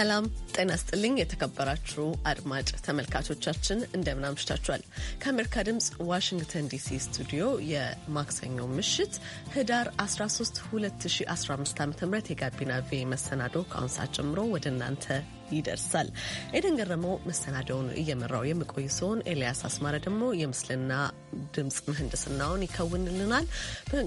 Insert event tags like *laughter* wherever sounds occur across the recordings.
ሰላም ጤና ስጥልኝ የተከበራችሁ አድማጭ ተመልካቾቻችን እንደምን አምሽታችኋል። ከአሜሪካ ድምፅ ዋሽንግተን ዲሲ ስቱዲዮ የማክሰኞ ምሽት ህዳር 13 2015 ዓ ም የጋቢና ቪ መሰናዶ ከአሁን ሰዓት ጀምሮ ወደ እናንተ ይደርሳል። ኤደን ገረመው መሰናደውን እየመራው የሚቆይ ሲሆን ኤልያስ አስማረ ደግሞ የምስልና ድምፅ ምህንድስናውን ይከውንልናል።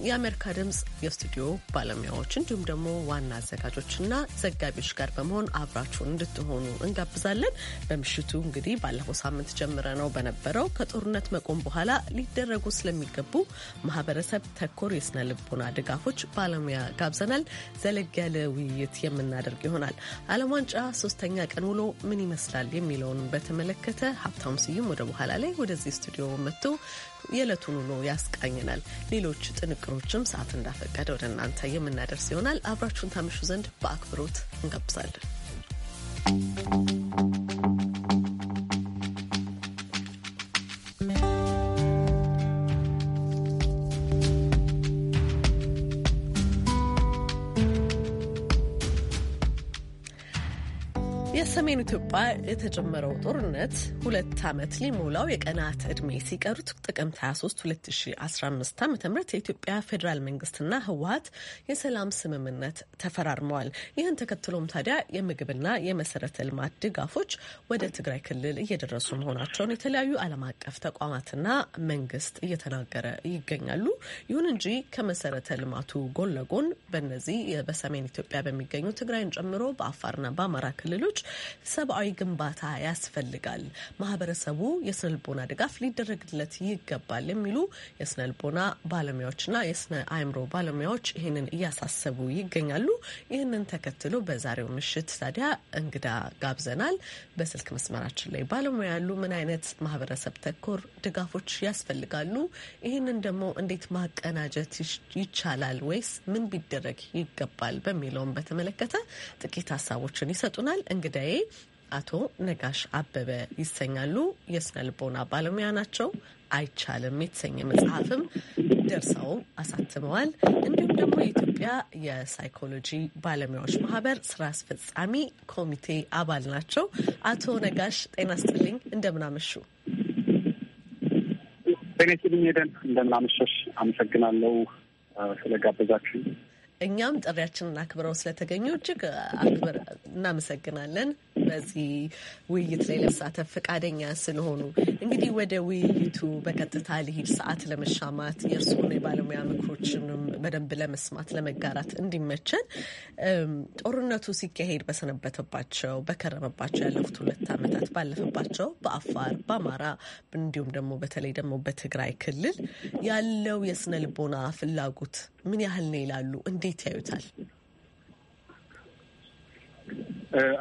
የአሜሪካ ድምፅ የስቱዲዮ ባለሙያዎች እንዲሁም ደግሞ ዋና አዘጋጆችና ዘጋቢዎች ጋር በመሆን አብራችሁን እንድ እንድትሆኑ እንጋብዛለን። በምሽቱ እንግዲህ ባለፈው ሳምንት ጀምረ ነው በነበረው ከጦርነት መቆም በኋላ ሊደረጉ ስለሚገቡ ማህበረሰብ ተኮር የስነ ልቦና ድጋፎች ባለሙያ ጋብዘናል። ዘለግ ያለ ውይይት የምናደርግ ይሆናል። ዓለም ዋንጫ ሶስተኛ ቀን ውሎ ምን ይመስላል የሚለውን በተመለከተ ሀብታሙ ስዩም ወደ በኋላ ላይ ወደዚህ ስቱዲዮ መጥቶ የዕለቱን ውሎ ያስቃኝናል። ሌሎች ጥንቅሮችም ሰዓት እንዳፈቀደ ወደ እናንተ የምናደርስ ይሆናል። አብራችሁን ታመሹ ዘንድ በአክብሮት እንጋብዛለን። Thank you. የሰሜን ኢትዮጵያ የተጀመረው ጦርነት ሁለት ዓመት ሊሞላው የቀናት ዕድሜ ሲቀሩት ጥቅምት 23 2015 ዓ ም የኢትዮጵያ ፌዴራል መንግስትና ህወሀት የሰላም ስምምነት ተፈራርመዋል። ይህን ተከትሎም ታዲያ የምግብና የመሰረተ ልማት ድጋፎች ወደ ትግራይ ክልል እየደረሱ መሆናቸውን የተለያዩ ዓለም አቀፍ ተቋማትና መንግስት እየተናገረ ይገኛሉ። ይሁን እንጂ ከመሰረተ ልማቱ ጎን ለጎን በነዚህ በሰሜን ኢትዮጵያ በሚገኙ ትግራይን ጨምሮ በአፋርና በአማራ ክልሎች ሰብአዊ ግንባታ ያስፈልጋል፣ ማህበረሰቡ የስነ ልቦና ድጋፍ ሊደረግለት ይገባል የሚሉ የስነ ልቦና ባለሙያዎችና የስነ አእምሮ ባለሙያዎች ይህንን እያሳሰቡ ይገኛሉ። ይህንን ተከትሎ በዛሬው ምሽት ታዲያ እንግዳ ጋብዘናል። በስልክ መስመራችን ላይ ባለሙያ ያሉ ምን አይነት ማህበረሰብ ተኮር ድጋፎች ያስፈልጋሉ? ይህንን ደግሞ እንዴት ማቀናጀት ይቻላል? ወይስ ምን ቢደረግ ይገባል? በሚለውን በተመለከተ ጥቂት ሀሳቦችን ይሰጡናል እንግዳ እንግዳዬ አቶ ነጋሽ አበበ ይሰኛሉ። የስነ ልቦና ባለሙያ ናቸው። አይቻልም የተሰኘ መጽሐፍም ደርሰው አሳትመዋል። እንዲሁም ደግሞ የኢትዮጵያ የሳይኮሎጂ ባለሙያዎች ማህበር ስራ አስፈጻሚ ኮሚቴ አባል ናቸው። አቶ ነጋሽ ጤና ስጥልኝ፣ እንደምናመሹ። ጤና ስጥልኝ ሄደን እንደምናመሸሽ። አመሰግናለሁ ስለጋበዛችሁ። እኛም ጥሪያችንን አክብረው ስለተገኙ እጅግ አክብር እናመሰግናለን። በዚህ ውይይት ላይ ለመሳተፍ ፈቃደኛ ስለሆኑ እንግዲህ ወደ ውይይቱ በቀጥታ ልሂድ። ሰዓት ለመሻማት የእርስዎን የባለሙያ ምክሮችንም በደንብ ለመስማት ለመጋራት እንዲመቸን ጦርነቱ ሲካሄድ በሰነበተባቸው በከረመባቸው ያለፉት ሁለት ዓመታት ባለፈባቸው በአፋር በአማራ እንዲሁም ደግሞ በተለይ ደግሞ በትግራይ ክልል ያለው የስነ ልቦና ፍላጎት ምን ያህል ነው ይላሉ? እንዴት ያዩታል?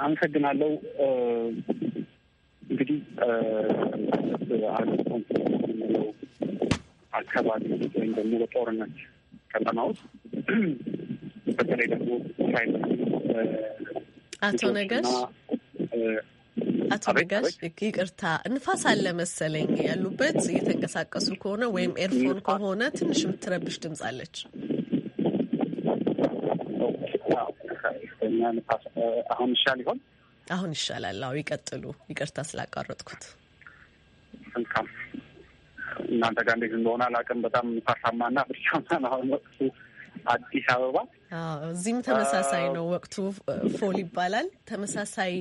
አመሰግናለሁ። እንግዲህ አካባቢ ወይም ደግሞ በጦርነት ቀጠና ውስጥ *clears throat* በተለይ ደግሞ ሳይበር አቶ ነገሽ አቶ ነጋሽ ይቅርታ ንፋስ አለ መሰለኝ ያሉበት እየተንቀሳቀሱ ከሆነ ወይም ኤርፎን ከሆነ ትንሽ የምትረብሽ ድምፅ አለች። ንፋስ አሁን ይሻል ይሆን? አሁን ይሻላል። አዎ ይቀጥሉ። ይቅርታ ስላቋረጥኩት። መልካም። እናንተ ጋር እንዴት እንደሆነ አላውቅም። በጣም ንፋሳማ ንፋሳማና ብርቻማ አሁን ወቅቱ አዲስ አበባ። እዚህም ተመሳሳይ ነው። ወቅቱ ፎል ይባላል። ተመሳሳይ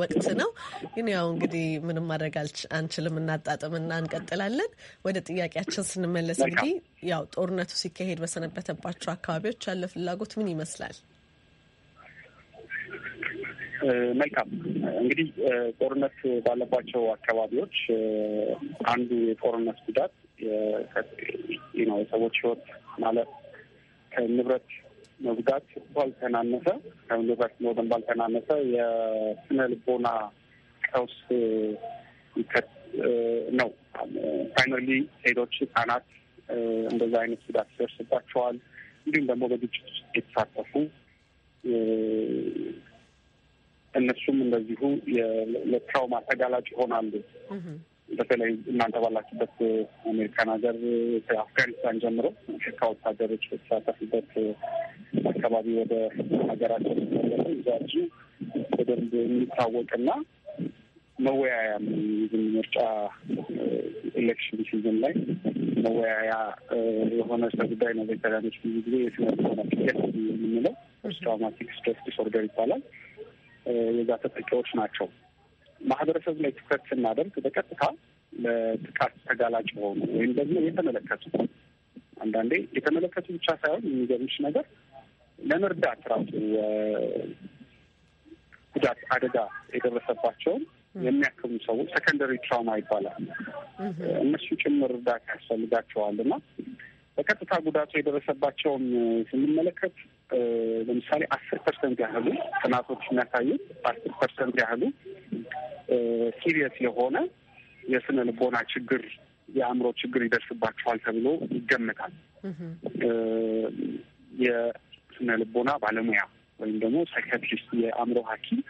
ወቅት ነው። ግን ያው እንግዲህ ምንም ማድረግ አንችልም። እናጣጥምና እንቀጥላለን። ወደ ጥያቄያችን ስንመለስ እንግዲህ ያው ጦርነቱ ሲካሄድ በሰነበተባቸው አካባቢዎች ያለ ፍላጎት ምን ይመስላል? መልካም እንግዲህ ጦርነት ባለባቸው አካባቢዎች አንዱ የጦርነት ጉዳት ነው የሰዎች ህይወት ማለት ከንብረት መጉዳት ባልተናነሰ ከንብረት መውደም ባልተናነሰ የስነ ልቦና ቀውስ ነው። ፋይናሊ ሴቶች፣ ህጻናት እንደዛ አይነት ጉዳት ይደርስባቸዋል። እንዲሁም ደግሞ በግጭት ውስጥ የተሳተፉ እነሱም እንደዚሁ ለትራውማ ተጋላጭ ይሆናሉ። በተለይ እናንተ ባላችሁበት አሜሪካን ሀገር ከአፍጋኒስታን ጀምሮ ሸካ ወታደሮች በተሳተፉበት አካባቢ ወደ ሀገራቸው ሲመለሱ ይዛች በደንብ የሚታወቅና መወያያ ዝም ምርጫ ኤሌክሽን ሲዝን ላይ መወያያ የሆነ ስለ ጉዳይ ነው። ቬተራኖች ብዙ ጊዜ የስነ ልቦና ፒኤስዲ የምንለው ፖስት ትራውማቲክ ስትረስ ዲስኦርደር ይባላል። የዛ ተጠቂዎች ናቸው። ማህበረሰብ ላይ ትኩረት ስናደርግ በቀጥታ ለጥቃት ተጋላጭ የሆኑ ወይም ደግሞ የተመለከቱ አንዳንዴ የተመለከቱ ብቻ ሳይሆን የሚገርምሽ ነገር ለመርዳት ራሱ ጉዳት አደጋ የደረሰባቸውን የሚያክሙ ሰዎች ሰከንደሪ ትራውማ ይባላል። እነሱ ጭምር እርዳታ ያስፈልጋቸዋል እና በቀጥታ ጉዳቱ የደረሰባቸውን ስንመለከት ለምሳሌ አስር ፐርሰንት ያህሉ ጥናቶች የሚያሳዩት አስር ፐርሰንት ያህሉ ሲሪየስ የሆነ የስነ ልቦና ችግር የአእምሮ ችግር ይደርስባቸዋል ተብሎ ይገመታል። የስነ ልቦና ባለሙያ ወይም ደግሞ ሳይካትሪስት የአእምሮ ሐኪም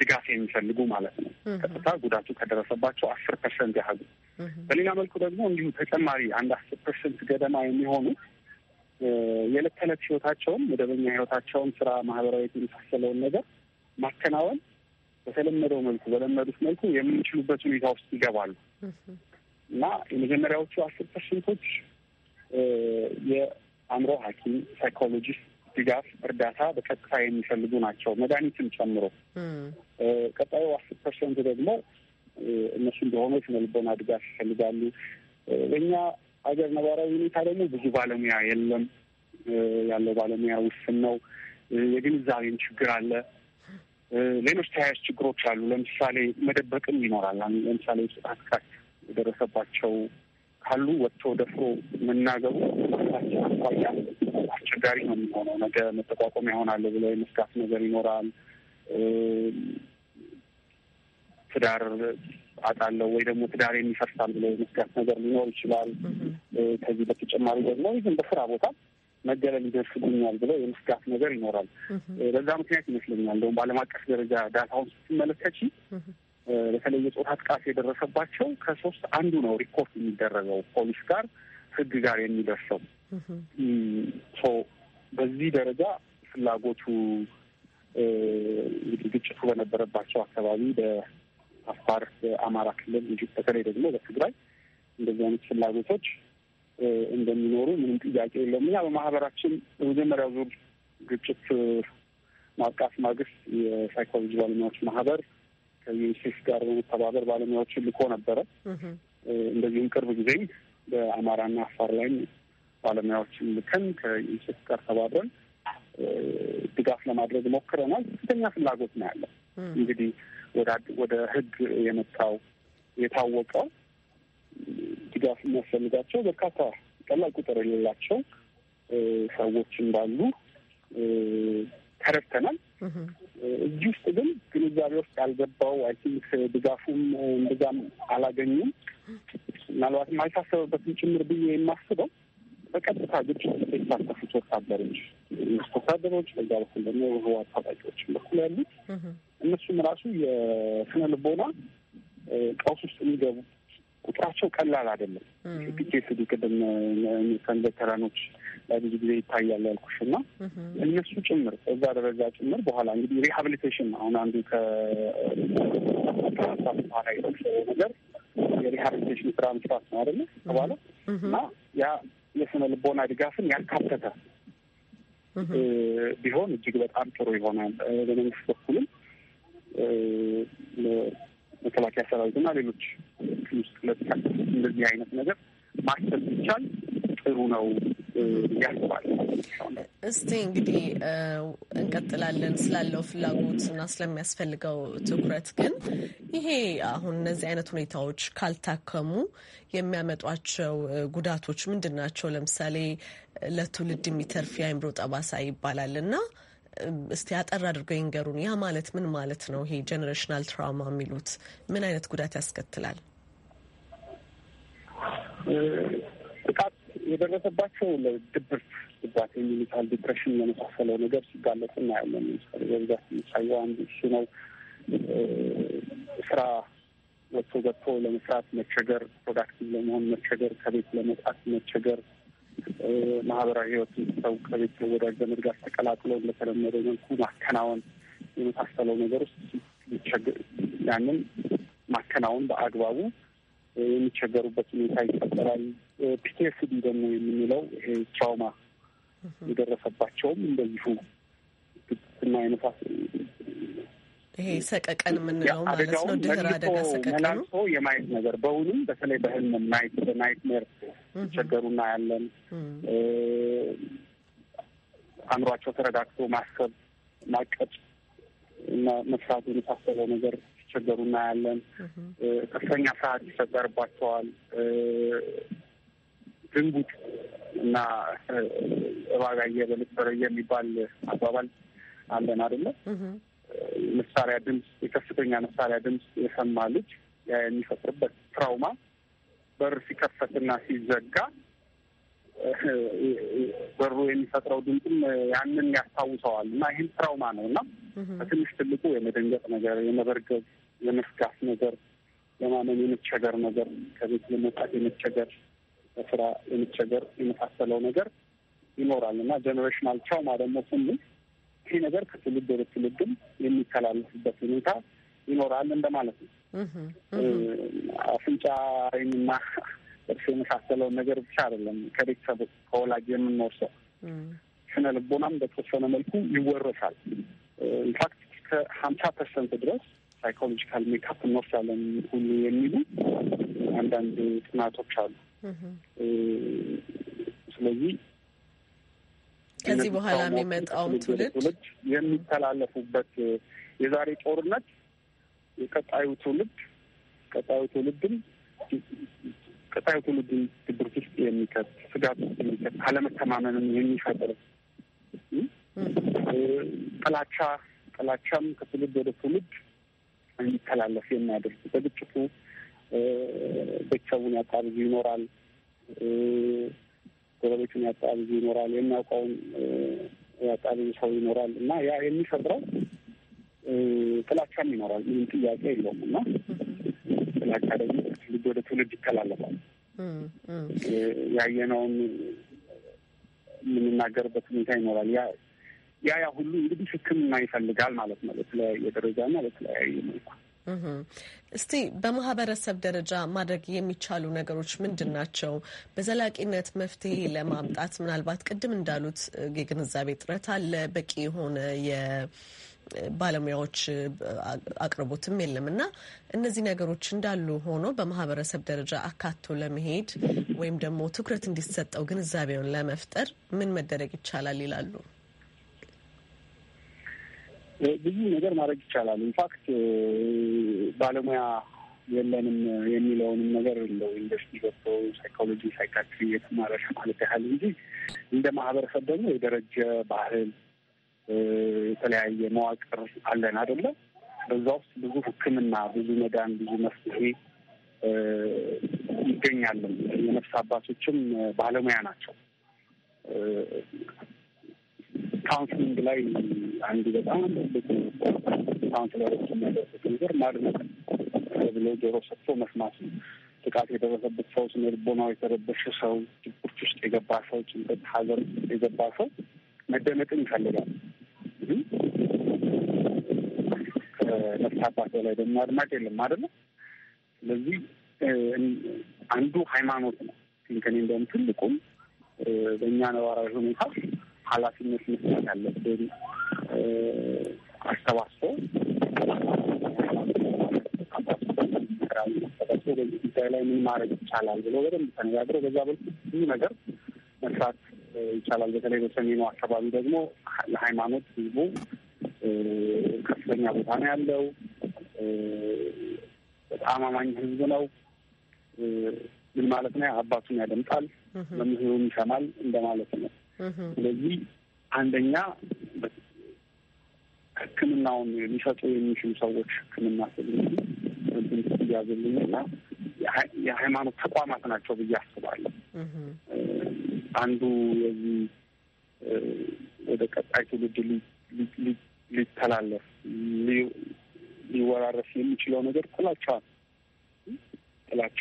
ድጋፍ የሚፈልጉ ማለት ነው። ቀጥታ ጉዳቱ ከደረሰባቸው አስር ፐርሰንት ያህሉ። በሌላ መልኩ ደግሞ እንዲሁ ተጨማሪ አንድ አስር ፐርሰንት ገደማ የሚሆኑ የዕለት ተዕለት ህይወታቸውን፣ መደበኛ ህይወታቸውን፣ ስራ፣ ማህበራዊ የመሳሰለውን ነገር ማከናወን በተለመደው መልኩ በለመዱት መልኩ የምንችሉበት ሁኔታ ውስጥ ይገባሉ እና የመጀመሪያዎቹ አስር ፐርሰንቶች የአእምሮ ሐኪም ሳይኮሎጂስት ድጋፍ እርዳታ በቀጥታ የሚፈልጉ ናቸው፣ መድኃኒትም ጨምሮ። ቀጣዩ አስር ፐርሰንት ደግሞ እነሱ እንደሆነ ስነልቦና ድጋፍ ይፈልጋሉ። በእኛ ሀገር ነባራዊ ሁኔታ ደግሞ ብዙ ባለሙያ የለም። ያለው ባለሙያ ውስን ነው። የግንዛቤም ችግር አለ። ሌሎች ተያያዥ ችግሮች አሉ። ለምሳሌ መደበቅም ይኖራል። ለምሳሌ ጥቃት ካት የደረሰባቸው ካሉ ወጥቶ ደፍሮ መናገሩ ማሳቸው አኳያ አስቸጋሪ ነው የሚሆነው። ነገ መጠቋቋም ይሆናል ብሎ የመስጋት ነገር ይኖራል። ትዳር አጣለው ወይ ደግሞ ትዳር የሚፈርሳል ብሎ የመስጋት ነገር ሊኖር ይችላል። ከዚህ በተጨማሪ ደግሞ ይህን በስራ ቦታ መገለል ይደርስብኛል ብለው የመስጋት ነገር ይኖራል። በዛ ምክንያት ይመስለኛል እንደውም በዓለም አቀፍ ደረጃ ዳታውን ስትመለከች በተለይ የጾታ ጥቃት የደረሰባቸው ከሶስት አንዱ ነው ሪፖርት የሚደረገው ፖሊስ ጋር ህግ ጋር የሚደርሰው በዚህ ደረጃ ፍላጎቱ እንግዲህ ግጭቱ በነበረባቸው አካባቢ በአፋር፣ በአማራ ክልል እንዲሁ በተለይ ደግሞ በትግራይ እንደዚህ አይነት ፍላጎቶች እንደሚኖሩ ምንም ጥያቄ የለውም። እኛ በማህበራችን በመጀመሪያ ዙር ግጭት ማብቃት ማግስት የሳይኮሎጂ ባለሙያዎች ማህበር ከዩኒሴፍ ጋር በመተባበር ባለሙያዎችን ልኮ ነበረ። እንደዚሁም ቅርብ ጊዜም በአማራና አፋር ላይም ባለሙያዎችን ልከን ከዩኒሴፍ ጋር ተባብረን ድጋፍ ለማድረግ ሞክረናል። ከፍተኛ ፍላጎት ነው ያለው። እንግዲህ ወደ ህግ የመጣው የታወቀው ድጋፍ የሚያስፈልጋቸው በርካታ ቀላል ቁጥር የሌላቸው ሰዎች እንዳሉ ተረድተናል። እዚህ ውስጥ ግን ግንዛቤ ውስጥ ያልገባው አይ ቲንክ ድጋፉም እንደዛም አላገኙም። ምናልባት አልታሰበበትም ጭምር ብዬ የማስበው በቀጥታ ግጭት የተሳተፉት ወታደሮች ወታደሮች በዛ በኩል ደግሞ ህወሓት ታጣቂዎችን በኩል ያሉት እነሱም ራሱ የስነ ልቦና ቀውስ ውስጥ የሚገቡት ቁጥራቸው ቀላል አይደለም። ፒቴስዲ ቅድም ሰንበተራኖች ላይ ብዙ ጊዜ ይታያል ያልኩሽ እና እነሱ ጭምር እዛ ደረጃ ጭምር በኋላ እንግዲህ ሪሀብሊቴሽን አሁን አንዱ ከሀሳብ በኋላ ነገር የሪሀብሊቴሽን ስራ መስራት ነው አደለ ተባለ እና ያ የስነ ልቦና ድጋፍን ያካተተ ቢሆን እጅግ በጣም ጥሩ ይሆናል። በመንግስት በኩልም መከላከያ ሰራዊትና ሌሎች ክፍል ውስጥ መጥተን እንደዚህ አይነት ነገር ማሰብ ይቻል ጥሩ ነው ያስባል። እስቲ እንግዲህ እንቀጥላለን ስላለው ፍላጎት እና ስለሚያስፈልገው ትኩረት ግን ይሄ አሁን እነዚህ አይነት ሁኔታዎች ካልታከሙ የሚያመጧቸው ጉዳቶች ምንድን ናቸው? ለምሳሌ ለትውልድ የሚተርፍ የአይምሮ ጠባሳ ይባላል እና እስቲ አጠር አድርገው ይንገሩን። ያ ማለት ምን ማለት ነው? ይሄ ጀኔሬሽናል ትራውማ የሚሉት ምን አይነት ጉዳት ያስከትላል? ጥቃት የደረሰባቸው ለድብርት ድባት የሚሉታል ዲፕሬሽን የመሳሰለው ነገር ሲጋለጽ እናያለን። ለምሳሌ በብዛት የሚታየው አንዱ እሱ ነው። ስራ ወጥቶ ገብቶ ለመስራት መቸገር፣ ፕሮዳክቲቭ ለመሆን መቸገር፣ ከቤት ለመውጣት መቸገር፣ ማህበራዊ ህይወት ሰው ከቤት ወዳጅ ዘመድ ጋር ተቀላቅሎ ለተለመደው መልኩ ማከናወን የመሳሰለው ነገር ውስጥ ያንን ማከናወን በአግባቡ የሚቸገሩበት ሁኔታ ይፈጠራል። ፒቲኤስዲ ደግሞ የምንለው ይሄ ትራውማ የደረሰባቸውም እንደዚሁ ግጭትና የመሳሰ ይሄ ሰቀቀን የምንለው ማለት ነው። ድህረ አደጋ ሰቀቀን የማየት ነገር በውንም በተለይ በህልም ናይት በናይት በናይትሜር ይቸገሩና ያለን አእምሯቸው ተረጋግቶ ማሰብ ማቀጭ እና መስራት የመሳሰለው ነገር ሲቸገሩ እናያለን። ከፍተኛ ፍርሃት ይፈጠርባቸዋል። ድንጉጥ እና እባጋየ በልጥበረ የሚባል አባባል አለን አይደለ? መሳሪያ ድምፅ፣ የከፍተኛ መሳሪያ ድምፅ የሰማ ልጅ የሚፈጥርበት ትራውማ በር ሲከፈትና ሲዘጋ በሩ የሚፈጥረው ድምፅም ያንን ያስታውሰዋል እና ይህም ትራውማ ነው እና በትንሽ ትልቁ የመደንገጥ ነገር የመበርገብ የመስጋት ነገር፣ ለማመን የመቸገር ነገር፣ ከቤት ለመውጣት የመቸገር፣ በስራ የመቸገር የመሳሰለው ነገር ይኖራል እና ጀኔሬሽናል ትራውማ ደግሞ ስንል ይህ ነገር ከትውልድ ወደ ትውልድም የሚተላለፍበት ሁኔታ ይኖራል እንደማለት ነው። አፍንጫ፣ ዓይንና እርስ የመሳሰለውን ነገር ብቻ አይደለም ከቤተሰብ ከወላጅ የምንኖር ሰው ስነ ልቦናም በተወሰነ መልኩ ይወረሳል። ኢንፋክት ሀምሳ ፐርሰንት ድረስ ሳይኮሎጂካል ሜካፕ እንወስዳለን ሁሉ የሚሉ አንዳንድ ጥናቶች አሉ። ስለዚህ ከዚህ በኋላ የሚመጣውን ትውልድ የሚተላለፉበት የዛሬ ጦርነት የቀጣዩ ትውልድ ቀጣዩ ትውልድም ቀጣዩ ትውልድን ድብርት ውስጥ የሚከት ስጋት ውስጥ የሚከት አለመተማመንም የሚፈጥር ጥላቻ ጥላቻም ከትውልድ ወደ ትውልድ እንዲተላለፍ የሚያደርግ በግጭቱ ቤተሰቡን ያጣ ብዙ ይኖራል፣ ጎረቤቱን ያጣ ብዙ ይኖራል፣ የሚያውቀውን ያጣ ብዙ ሰው ይኖራል እና ያ የሚፈጥረው ጥላቻም ይኖራል። ምንም ጥያቄ የለውም እና ጥላቻ ደግሞ ትውልድ ወደ ትውልድ ይተላለፋል። ያየነውን የምንናገርበት ሁኔታ ይኖራል። ያ ያ ያ ሁሉ እንግዲህ ሕክምና ይፈልጋል ማለት ነው በተለያየ ደረጃና በተለያየ መልኩ። እስቲ በማህበረሰብ ደረጃ ማድረግ የሚቻሉ ነገሮች ምንድን ናቸው? በዘላቂነት መፍትሄ ለማምጣት ምናልባት ቅድም እንዳሉት የግንዛቤ ጥረት አለ፣ በቂ የሆነ የባለሙያዎች አቅርቦትም የለም እና እነዚህ ነገሮች እንዳሉ ሆኖ በማህበረሰብ ደረጃ አካቶ ለመሄድ ወይም ደግሞ ትኩረት እንዲሰጠው ግንዛቤውን ለመፍጠር ምን መደረግ ይቻላል ይላሉ? ብዙ ነገር ማድረግ ይቻላል። ኢንፋክት ባለሙያ የለንም የሚለውንም ነገር እንደው ዩኒቨርሲቲ ገብቶ ሳይኮሎጂ፣ ሳይካትሪ የተማረሽ ማለት ያህል እንጂ እንደ ማህበረሰብ ደግሞ የደረጀ ባህል የተለያየ መዋቅር አለን አይደለም። በዛ ውስጥ ብዙ ሕክምና ብዙ መዳን ብዙ መፍትሄ ይገኛለን። የነፍስ አባቶችም ባለሙያ ናቸው። ካውንስሊንግ ላይ አንዱ በጣም ትልቁ ካውንስለሮች የሚያደርጉት ነገር ማድነቅ ብሎ ጆሮ ሰጥቶ መስማት ነው። ጥቃት የደረሰበት ሰው ስነ ልቦናው የተረበሸ ሰው፣ ችግሮች ውስጥ የገባ ሰው፣ ጭንቀት፣ ሐዘን ውስጥ የገባ ሰው መደመጥን ይፈልጋል። ከነፍስ አባት ላይ ደግሞ አድማጭ የለም አይደለ? ስለዚህ አንዱ ሃይማኖት ነው። ከኔ እንደውም ትልቁም በእኛ ነባራዊ ሁኔታ ኃላፊነት መስጠት ያለብን አሰባስቦ በዚህ ጉዳይ ላይ ምን ማድረግ ይቻላል ብሎ በደንብ ተነጋግሮ በዛ በልኩ ብዙ ነገር መስራት ይቻላል። በተለይ በሰሜኑ አካባቢ ደግሞ ለሃይማኖት ህዝቡ ከፍተኛ ቦታ ነው ያለው። በጣም አማኝ ህዝብ ነው። ምን ማለት ነው? አባቱን ያደምጣል፣ መምህሩን ይሰማል እንደማለት ነው። ስለዚህ አንደኛ ሕክምናውን ሊሰጡ የሚችሉ ሰዎች ሕክምና ስል የሃይማኖት ተቋማት ናቸው ብዬ አስባለሁ። አንዱ የዚህ ወደ ቀጣይ ትውልድ ሊተላለፍ ሊወራረስ የሚችለው ነገር ጥላቻ ጥላቻ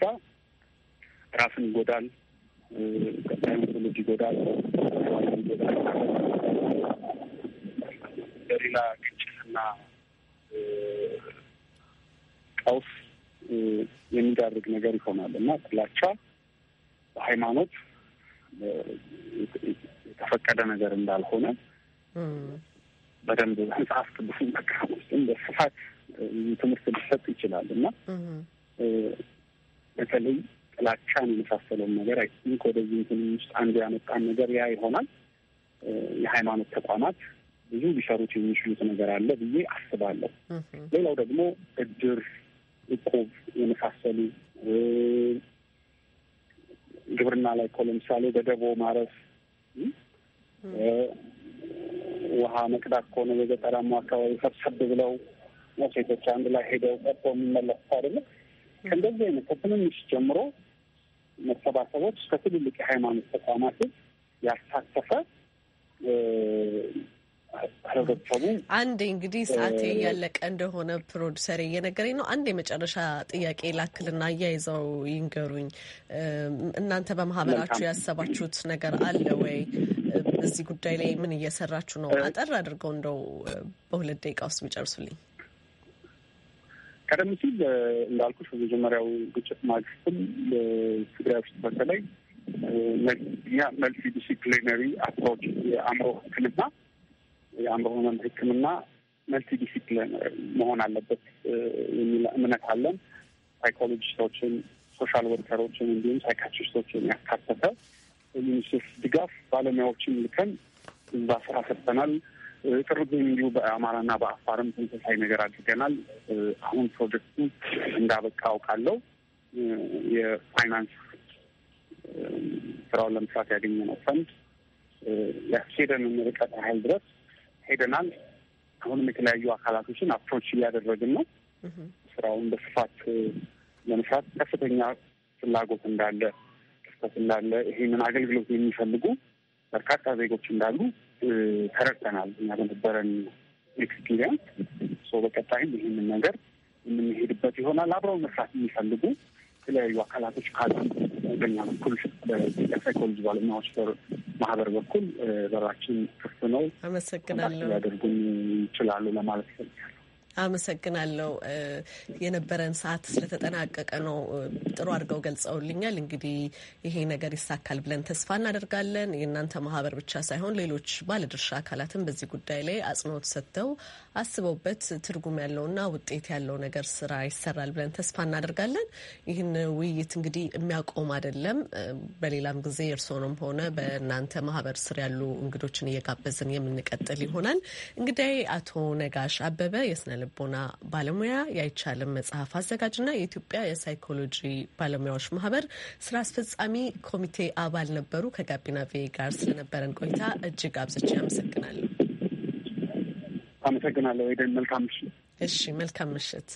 ራስን ይጎዳል፣ ቀጣዩን ትውልድ ይጎዳል። በሌላ ግጭትና ቀውስ የሚዳርግ ነገር ይሆናል እና ጥላቻ በሃይማኖት የተፈቀደ ነገር እንዳልሆነ በደንብ መጽሐፍ ቅዱስ መቅረብ ውስጥም በስፋት ትምህርት ሊሰጥ ይችላል እና በተለይ ጥላቻን የመሳሰለውን ነገር አይ ወደዚህ እንትን ውስጥ አንዱ ያመጣን ነገር ያ ይሆናል። የሃይማኖት ተቋማት ብዙ ሊሰሩት የሚችሉት ነገር አለ ብዬ አስባለሁ። ሌላው ደግሞ እድር፣ እቁብ የመሳሰሉ ግብርና ላይ እኮ ለምሳሌ በደቦ ማረፍ ውሃ መቅዳት ከሆነ በገጠራማ አካባቢ ሰብሰብ ብለው ሴቶች አንድ ላይ ሄደው ቀጥቶ የሚመለሱት አይደለም። ከእንደዚህ አይነት ከትንንሽ ጀምሮ መሰባሰቦች ከትልልቅ የሃይማኖት ተቋማት ያሳተፈ ህብረተሰቡ አንዴ እንግዲህ ሰዓቴ እያለቀ እንደሆነ ፕሮዲሰር እየነገረኝ ነው። አንድ የመጨረሻ ጥያቄ ላክልና አያይዘው ይንገሩኝ። እናንተ በማህበራችሁ ያሰባችሁት ነገር አለ ወይ? በዚህ ጉዳይ ላይ ምን እየሰራችሁ ነው? አጠር አድርገው እንደው በሁለት ደቂቃ ውስጥ ቢጨርሱልኝ። ቀደም ሲል እንዳልኩሽ በመጀመሪያው ግጭት ማግስትም ትግራይ ውስጥ በተለይ መልቲ ዲሲፕሊነሪ አፕሮች የአእምሮ ሕክምና የአእምሮ ህመም ሕክምና መልቲ ዲሲፕሊነሪ መሆን አለበት የሚል እምነት አለን። ሳይኮሎጂስቶችን፣ ሶሻል ወርከሮችን እንዲሁም ሳይካትሪስቶችን ያካተተ የሚኒስቴር ድጋፍ ባለሙያዎችን ልከን እዛ ስራ ሰጥተናል። ቅርብ እንዲሁ በአማራና በአፋርም ተመሳሳይ ነገር አድርገናል። አሁን ፕሮጀክቱ እንዳበቃ አውቃለሁ። የፋይናንስ ስራውን ለመስራት ያገኘነው ፈንድ ያስሄደንን ርቀት ያህል ድረስ ሄደናል። አሁንም የተለያዩ አካላቶችን አፕሮች እያደረግን ነው። ስራውን በስፋት ለመስራት ከፍተኛ ፍላጎት እንዳለ፣ ክፍተት እንዳለ፣ ይህንን አገልግሎት የሚፈልጉ በርካታ ዜጎች እንዳሉ ተረድተናል እና በነበረን ኤክስፒሪየንስ ሶ በቀጣይም ይህንን ነገር የምንሄድበት ይሆናል። አብረው መስራት የሚፈልጉ የተለያዩ አካላቶች ካሉ በኛ በኩል በሳይኮሎጂ ባለሙያዎች ማህበር በኩል በራችን ክፍት ነው። አመሰግናለሁ። ሊያደርጉን ይችላሉ ለማለት አመሰግናለሁ። የነበረን ሰዓት ስለተጠናቀቀ ነው። ጥሩ አድርገው ገልጸውልኛል። እንግዲህ ይሄ ነገር ይሳካል ብለን ተስፋ እናደርጋለን። የእናንተ ማህበር ብቻ ሳይሆን ሌሎች ባለድርሻ አካላትም በዚህ ጉዳይ ላይ አጽንኦት ሰጥተው አስበውበት ትርጉም ያለውና ውጤት ያለው ነገር ስራ ይሰራል ብለን ተስፋ እናደርጋለን። ይህን ውይይት እንግዲህ የሚያቆም አይደለም። በሌላም ጊዜ እርስዎንም ሆነ በእናንተ ማህበር ስር ያሉ እንግዶችን እየጋበዝን የምንቀጥል ይሆናል። እንግዲህ አቶ ነጋሽ አበበ የስነ ልቦና ባለሙያ የአይቻልም መጽሐፍ አዘጋጅና የኢትዮጵያ የሳይኮሎጂ ባለሙያዎች ማህበር ስራ አስፈጻሚ ኮሚቴ አባል ነበሩ። ከጋቢና ቪ ጋር ስለነበረን ቆይታ እጅግ አብዝቼ አመሰግናለሁ። አመሰግናለሁ። ኤደን መልካም ምሽት። እሺ መልካም ምሽት።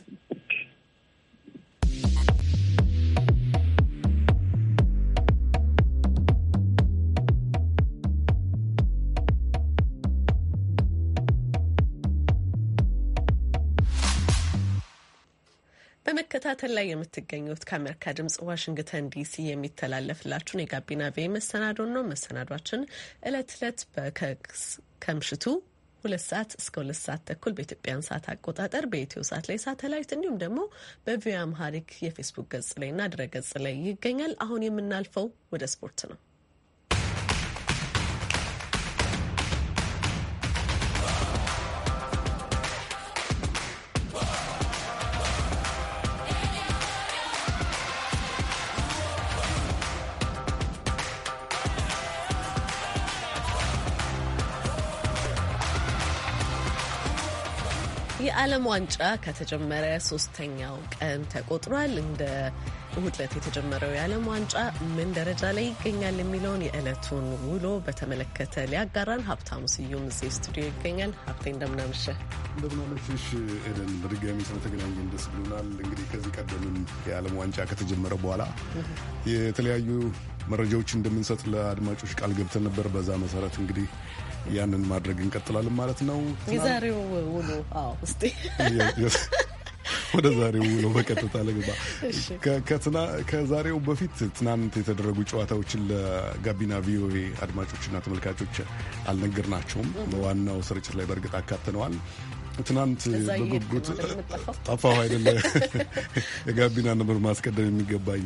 በመከታተል ላይ የምትገኙት ከአሜሪካ ድምጽ ዋሽንግተን ዲሲ የሚተላለፍላችሁን የጋቢና ቪ መሰናዶን ነው። መሰናዷችን እለት እለት ከምሽቱ ሁለት ሰዓት እስከ ሁለት ሰዓት ተኩል በኢትዮጵያን ሰዓት አቆጣጠር በኢትዮ ሰዓት ላይ ሳተላይት እንዲሁም ደግሞ በቪኦኤ አምሃሪክ የፌስቡክ ገጽ ላይና ድረ ገጽ ላይ ይገኛል። አሁን የምናልፈው ወደ ስፖርት ነው። የዓለም ዋንጫ ከተጀመረ ሶስተኛው ቀን ተቆጥሯል። እንደ እሁድ ዕለት የተጀመረው የዓለም ዋንጫ ምን ደረጃ ላይ ይገኛል የሚለውን የዕለቱን ውሎ በተመለከተ ሊያጋራን ሀብታሙ ስዩም እዚህ ስቱዲዮ ይገኛል። ሀብቴ እንደምናመሸ እንደምናመሽሽ ኤደን፣ በድጋሚ ስለተገናኘን ደስ ብሎናል። እንግዲህ ከዚህ ቀደምም የዓለም ዋንጫ ከተጀመረ በኋላ የተለያዩ መረጃዎች እንደምንሰጥ ለአድማጮች ቃል ገብተን ነበር። በዛ መሰረት እንግዲህ ያንን ማድረግ እንቀጥላለን ማለት ነው። የዛሬው ውሎ ውስጤ ወደ ዛሬው ውሎ በቀጥታ ልግባ። ከዛሬው በፊት ትናንት የተደረጉ ጨዋታዎችን ለጋቢና ቪኦኤ አድማጮችና ተመልካቾች አልነገርናቸውም። በዋናው ስርጭት ላይ በእርግጥ አካትነዋል። ትናንት በጉጉት ጠፋሁ አይደለ? *laughs* የጋቢና ነበር ማስቀደም የሚገባኝ።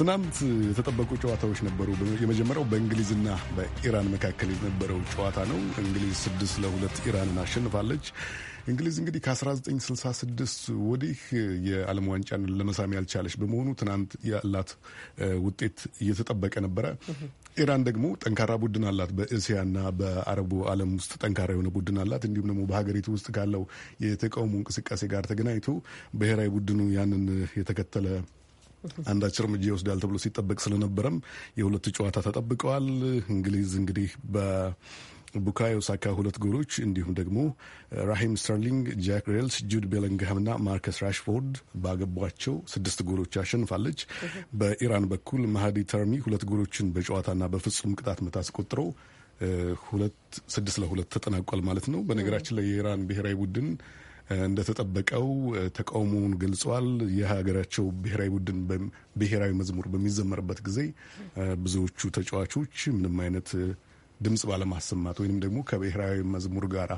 ትናንት የተጠበቁ ጨዋታዎች ነበሩ። የመጀመሪያው በእንግሊዝና በኢራን መካከል የነበረው ጨዋታ ነው። እንግሊዝ ስድስት ለሁለት ኢራንን አሸንፋለች። እንግሊዝ እንግዲህ ከ1966 ወዲህ የዓለም ዋንጫን ለመሳም ያልቻለች በመሆኑ ትናንት ያላት ውጤት እየተጠበቀ ነበረ። ኢራን ደግሞ ጠንካራ ቡድን አላት። በእስያና በአረቡ ዓለም ውስጥ ጠንካራ የሆነ ቡድን አላት። እንዲሁም ደግሞ በሀገሪቱ ውስጥ ካለው የተቃውሞ እንቅስቃሴ ጋር ተገናኝቶ ብሔራዊ ቡድኑ ያንን የተከተለ አንዳች እርምጃ ይወስዳል ተብሎ ሲጠበቅ ስለነበረም የሁለቱ ጨዋታ ተጠብቀዋል። እንግሊዝ እንግዲህ በ ቡካዮ ሳካ ሁለት ጎሎች እንዲሁም ደግሞ ራሂም ስተርሊንግ፣ ጃክ ሬልስ፣ ጁድ እና ማርከስ ራሽፎርድ ባገቧቸው ስድስት ጎሎች አሸንፋለች። በኢራን በኩል ማሃዲ ተርሚ ሁለት ጎሎችን በጨዋታና በፍጹም ቅጣት ምት አስቆጥሮ ሁለት ስድስት ለሁለት ተጠናቋል ማለት ነው። በነገራችን ላይ የኢራን ብሔራዊ ቡድን እንደተጠበቀው ተቃውሞውን ገልጿል። የሀገራቸው ብሔራዊ ቡድን ብሔራዊ መዝሙር በሚዘመርበት ጊዜ ብዙዎቹ ተጫዋቾች ምንም አይነት ድምፅ ባለማሰማት ወይንም ደግሞ ከብሔራዊ መዝሙር ጋር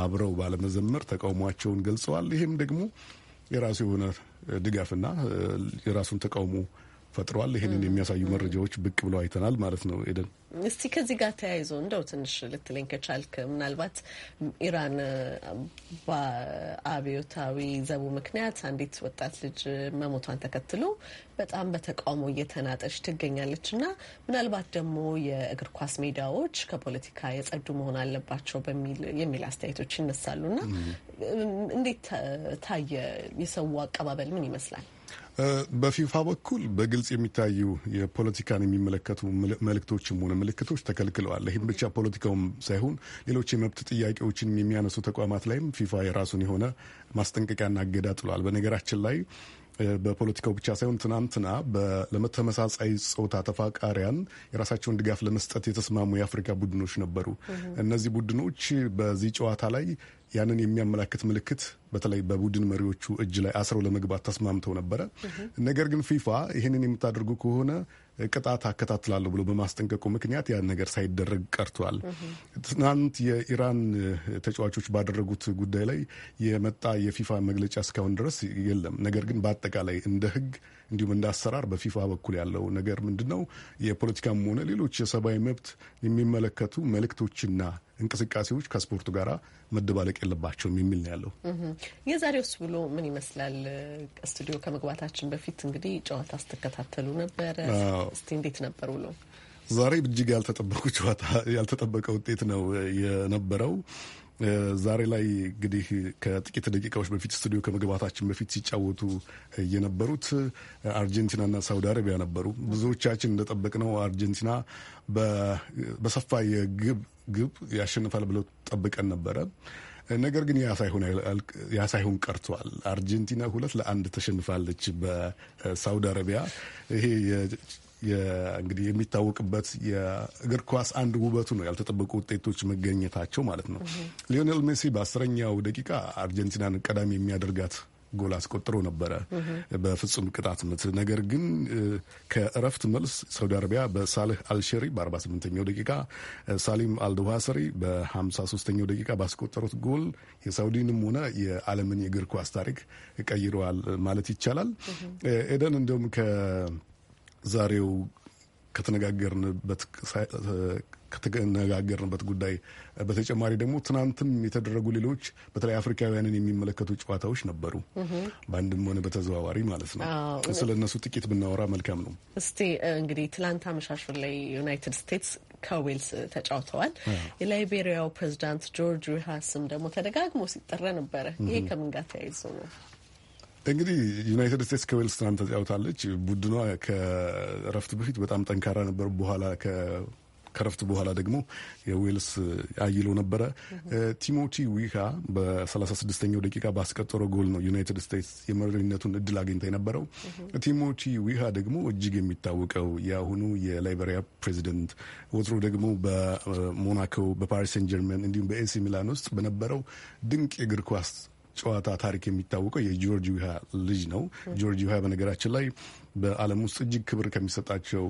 አብረው ባለመዘመር ተቃውሟቸውን ገልጸዋል። ይህም ደግሞ የራሱ የሆነ ድጋፍና የራሱን ተቃውሞ ፈጥሯል። ይህንን የሚያሳዩ መረጃዎች ብቅ ብለው አይተናል ማለት ነው። ኤደን እስቲ ከዚህ ጋር ተያይዞ እንደው ትንሽ ልትለኝ ከቻልክ ምናልባት ኢራን በአብዮታዊ ዘቡ ምክንያት አንዲት ወጣት ልጅ መሞቷን ተከትሎ በጣም በተቃውሞ እየተናጠች ትገኛለች እና ምናልባት ደግሞ የእግር ኳስ ሜዳዎች ከፖለቲካ የጸዱ መሆን አለባቸው የሚል አስተያየቶች ይነሳሉ እና እንዴት ታየ? የሰው አቀባበል ምን ይመስላል? በፊፋ በኩል በግልጽ የሚታዩ የፖለቲካን የሚመለከቱ መልእክቶችም ሆነ ምልክቶች ተከልክለዋል። ይህም ብቻ ፖለቲካውም ሳይሆን ሌሎች የመብት ጥያቄዎችን የሚያነሱ ተቋማት ላይም ፊፋ የራሱን የሆነ ማስጠንቀቂያና እገዳ ጥሏል። በነገራችን ላይ በፖለቲካው ብቻ ሳይሆን ትናንትና ለተመሳሳይ ጾታ ተፋቃሪያን የራሳቸውን ድጋፍ ለመስጠት የተስማሙ የአፍሪካ ቡድኖች ነበሩ። እነዚህ ቡድኖች በዚህ ጨዋታ ላይ ያንን የሚያመላክት ምልክት በተለይ በቡድን መሪዎቹ እጅ ላይ አስረው ለመግባት ተስማምተው ነበረ። ነገር ግን ፊፋ ይህንን የምታደርጉ ከሆነ ቅጣት አከታትላለሁ ብሎ በማስጠንቀቁ ምክንያት ያን ነገር ሳይደረግ ቀርቷል። ትናንት የኢራን ተጫዋቾች ባደረጉት ጉዳይ ላይ የመጣ የፊፋ መግለጫ እስካሁን ድረስ የለም። ነገር ግን በአጠቃላይ እንደ ህግ እንዲሁም እንደ አሰራር በፊፋ በኩል ያለው ነገር ምንድን ነው? የፖለቲካም ሆነ ሌሎች የሰብአዊ መብት የሚመለከቱ መልእክቶችና እንቅስቃሴዎች ከስፖርቱ ጋር መደባለቅ የለባቸውም የሚል ነው ያለው። የዛሬውስ ብሎ ምን ይመስላል? ስቱዲዮ ከመግባታችን በፊት እንግዲህ ጨዋታ ስትከታተሉ ነበረ። እስቲ እንዴት ነበር ብሎ ዛሬ እጅግ ያልተጠበቁ ጨዋታ ያልተጠበቀ ውጤት ነው የነበረው። ዛሬ ላይ እንግዲህ ከጥቂት ደቂቃዎች በፊት ስቱዲዮ ከመግባታችን በፊት ሲጫወቱ የነበሩት አርጀንቲናና ሳውዲ አረቢያ ነበሩ። ብዙዎቻችን እንደጠበቅነው አርጀንቲና በሰፋ የግብ ግብ ያሸንፋል ብለው ጠብቀን ነበረ። ነገር ግን ያ ሳይሆን ቀርቷል። አርጀንቲና ሁለት ለአንድ ተሸንፋለች በሳውዲ አረቢያ። ይሄ እንግዲህ የሚታወቅበት የእግር ኳስ አንድ ውበቱ ነው፣ ያልተጠበቁ ውጤቶች መገኘታቸው ማለት ነው። ሊዮኔል ሜሲ በአስረኛው ደቂቃ አርጀንቲናን ቀዳሚ የሚያደርጋት ጎል አስቆጥሮ ነበረ በፍጹም ቅጣት ምት። ነገር ግን ከእረፍት መልስ ሳውዲ አረቢያ በሳልህ አልሸሪ በ48ኛው ደቂቃ፣ ሳሊም አልደዋሰሪ በ53ኛው ደቂቃ ባስቆጠሩት ጎል የሳውዲንም ሆነ የዓለምን የእግር ኳስ ታሪክ ቀይረዋል ማለት ይቻላል። ኤደን እንዲሁም ከዛሬው ከተነጋገርንበት ከተነጋገርንበት ጉዳይ በተጨማሪ ደግሞ ትናንትም የተደረጉ ሌሎች በተለይ አፍሪካውያንን የሚመለከቱ ጨዋታዎች ነበሩ፣ በአንድም ሆነ በተዘዋዋሪ ማለት ነው። ስለ እነሱ ጥቂት ብናወራ መልካም ነው። እስቲ እንግዲህ ትናንት አመሻሹን ላይ ዩናይትድ ስቴትስ ከዌልስ ተጫውተዋል። የላይቤሪያው ፕሬዚዳንት ጆርጅ ዊሃስም ደግሞ ተደጋግሞ ሲጠራ ነበረ። ይሄ ከምን ጋር ተያይዞ ነው? እንግዲህ ዩናይትድ ስቴትስ ከዌልስ ትናንት ተጫውታለች። ቡድኗ ከእረፍት በፊት በጣም ጠንካራ ነበር። በኋላ ከረፍት በኋላ ደግሞ የዌልስ አይሎ ነበረ። ቲሞቲ ዊካ በ36ኛው ደቂቃ ባስቆጠረው ጎል ነው ዩናይትድ ስቴትስ የመሪነቱን እድል አግኝታ የነበረው። ቲሞቲ ዊካ ደግሞ እጅግ የሚታወቀው የአሁኑ የላይበሪያ ፕሬዚደንት ወትሮ ደግሞ በሞናኮ በፓሪስ ሴን ጀርመን እንዲሁም በኤሲ ሚላን ውስጥ በነበረው ድንቅ የእግር ኳስ ጨዋታ ታሪክ የሚታወቀው የጆርጅ ዊሃ ልጅ ነው። ጆርጅ ዊሃ በነገራችን ላይ በዓለም ውስጥ እጅግ ክብር ከሚሰጣቸው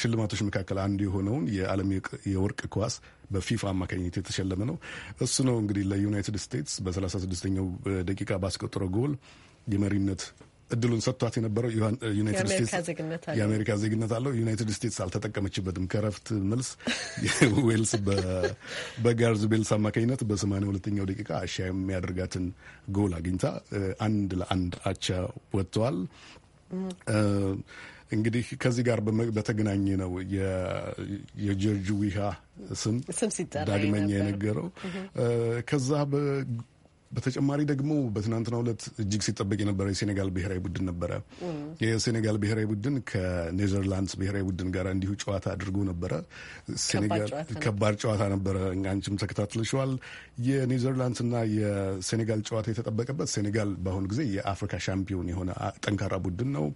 ሽልማቶች መካከል አንዱ የሆነውን የዓለም የወርቅ ኳስ በፊፋ አማካኝነት የተሸለመ ነው። እሱ ነው እንግዲህ ለዩናይትድ ስቴትስ በ36ኛው ደቂቃ ባስቆጠረው ጎል የመሪነት እድሉን ሰጥቷት የነበረው ዩናይትድ ስቴትስ የአሜሪካ ዜግነት አለው። ዩናይትድ ስቴትስ አልተጠቀመችበትም። ከረፍት መልስ *laughs* ዌልስ በጋርዝ ቤልስ አማካኝነት በሰማንያ ሁለተኛው ደቂቃ አሻ የሚያደርጋትን ጎል አግኝታ አንድ ለአንድ አቻ ወጥተዋል። እንግዲህ ከዚህ ጋር በተገናኘ ነው የጆርጅ ዊሃ ስም ስም ሲጠራ ዳግመኛ የነገረው ከዛ በተጨማሪ ደግሞ በትናንትናው ዕለት እጅግ ሲጠበቅ የነበረ የሴኔጋል ብሔራዊ ቡድን ነበረ። የሴኔጋል ብሔራዊ ቡድን ከኔዘርላንድስ ብሔራዊ ቡድን ጋር እንዲሁ ጨዋታ አድርጎ ነበረ። ከባድ ጨዋታ ነበረ። አንቺም ተከታትለሽዋል። የኔዘርላንድስና የሴኔጋል ጨዋታ የተጠበቀበት ሴኔጋል በአሁኑ ጊዜ የአፍሪካ ሻምፒዮን የሆነ ጠንካራ ቡድን ነው።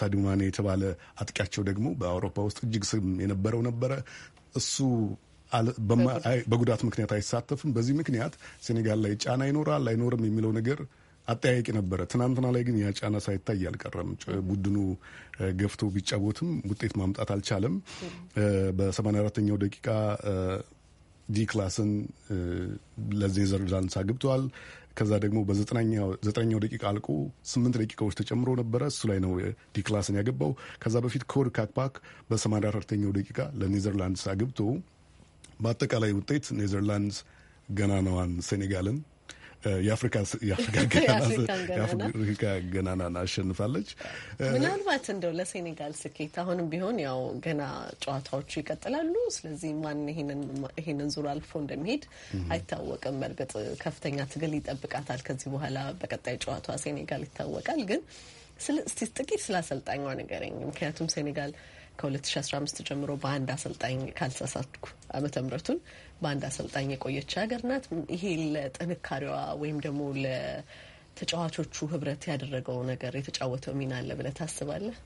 ሳዱማኔ የተባለ አጥቂያቸው ደግሞ በአውሮፓ ውስጥ እጅግ ስም የነበረው ነበረ እሱ በጉዳት ምክንያት አይሳተፍም። በዚህ ምክንያት ሴኔጋል ላይ ጫና ይኖራል አይኖርም የሚለው ነገር አጠያቂ ነበረ። ትናንትና ላይ ግን ያ ጫና ሳይታይ አልቀረም። ቡድኑ ገፍቶ ቢጫወትም ውጤት ማምጣት አልቻለም። በ84ኛው ደቂቃ ዲክላስን ለኔዘርላንድስ አግብተዋል። ከዛ ደግሞ በዘጠነኛው ደቂቃ አልቆ ስምንት ደቂቃዎች ተጨምሮ ነበረ። እሱ ላይ ነው ክላስን ያገባው። ከዛ በፊት ኮድ ካክፓክ በ84ኛው ደቂቃ ለኔዘርላንድስ አግብቶ በአጠቃላይ ውጤት ኔዘርላንድስ ገናናዋን ሴኔጋልን *laughs* የአፍሪካ ገናናን አሸንፋለች። ምናልባት እንደው ለሴኔጋል ስኬት አሁንም ቢሆን ያው ገና ጨዋታዎቹ ይቀጥላሉ። ስለዚህ ማን ይሄንን ዙር አልፎ እንደሚሄድ አይታወቅም። በእርግጥ ከፍተኛ ትግል ይጠብቃታል። ከዚህ በኋላ በቀጣይ ጨዋታ ሴኔጋል ይታወቃል። ግን እስቲ ጥቂት ስለ አሰልጣኟ ንገረኝ። ምክንያቱም ሴኔጋል ከ2015 ጀምሮ በአንድ አሰልጣኝ ካልተሳሳትኩ ዓመተ ምሕረቱን በአንድ አሰልጣኝ የቆየች ሀገር ናት። ይሄ ለጥንካሬዋ ወይም ደግሞ ለተጫዋቾቹ ህብረት ያደረገው ነገር የተጫወተው ሚና አለ ብለህ ታስባለህ?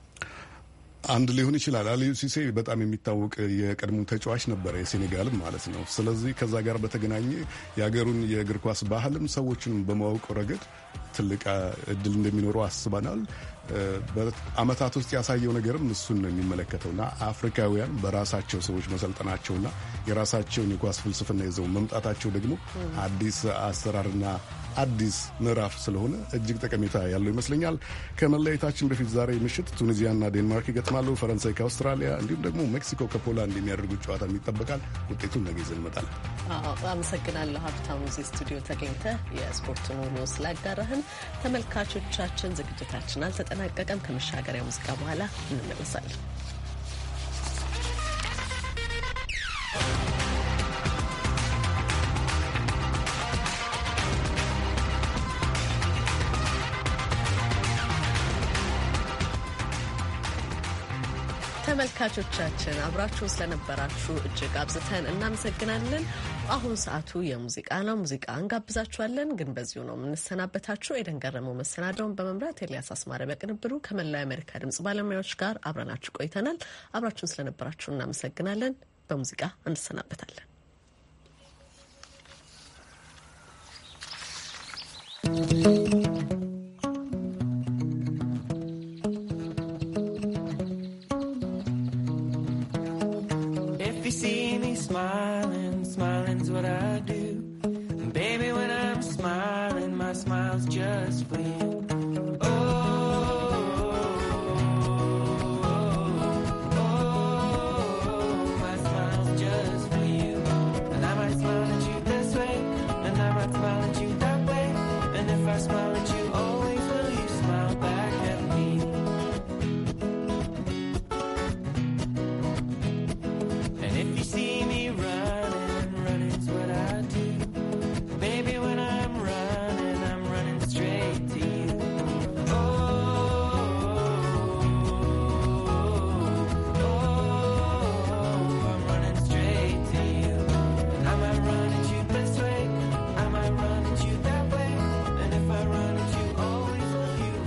አንድ ሊሆን ይችላል። አሊዩ ሲሴ በጣም የሚታወቅ የቀድሞ ተጫዋች ነበረ፣ የሴኔጋልም ማለት ነው። ስለዚህ ከዛ ጋር በተገናኘ የሀገሩን የእግር ኳስ ባህልም ሰዎችን በማወቅ ረገድ ትልቅ እድል እንደሚኖረው አስበናል። በአመታት ውስጥ ያሳየው ነገርም እሱን ነው የሚመለከተውና አፍሪካውያን በራሳቸው ሰዎች መሰልጠናቸውና የራሳቸውን የኳስ ፍልስፍና ይዘው መምጣታቸው ደግሞ አዲስ አሰራርና አዲስ ምዕራፍ ስለሆነ እጅግ ጠቀሜታ ያለው ይመስለኛል። ከመለያየታችን በፊት ዛሬ ምሽት ቱኒዚያና ዴንማርክ ይገጥማሉ። ፈረንሳይ ከአውስትራሊያ እንዲሁም ደግሞ ሜክሲኮ ከፖላንድ የሚያደርጉት ጨዋታ ይጠበቃል። ውጤቱን ነገ ይዘን እንመጣለን። አመሰግናለሁ ሀብታሙ፣ እዚህ ስቱዲዮ ተገኝተህ የስፖርቱን ውሎ ስላጋራህን። ተመልካቾቻችን ዝግጅታችን አልተጠናቀቀም። ከመሻገሪያ ሙዚቃ በኋላ እንመለሳለን። ተመልካቾቻችን አብራችሁን ስለነበራችሁ እጅግ አብዝተን እናመሰግናለን። አሁን ሰዓቱ የሙዚቃ ነው። ሙዚቃ እንጋብዛችኋለን፣ ግን በዚሁ ነው የምንሰናበታችሁ። ኤደን ገረመው መሰናዳውን በመምራት ኤልያስ አስማረ በቅንብሩ ከመላው የአሜሪካ ድምጽ ባለሙያዎች ጋር አብረናችሁ ቆይተናል። አብራችሁን ስለነበራችሁ እናመሰግናለን። በሙዚቃ እንሰናበታለን። Thank you. see me smiling, smiling's what I do.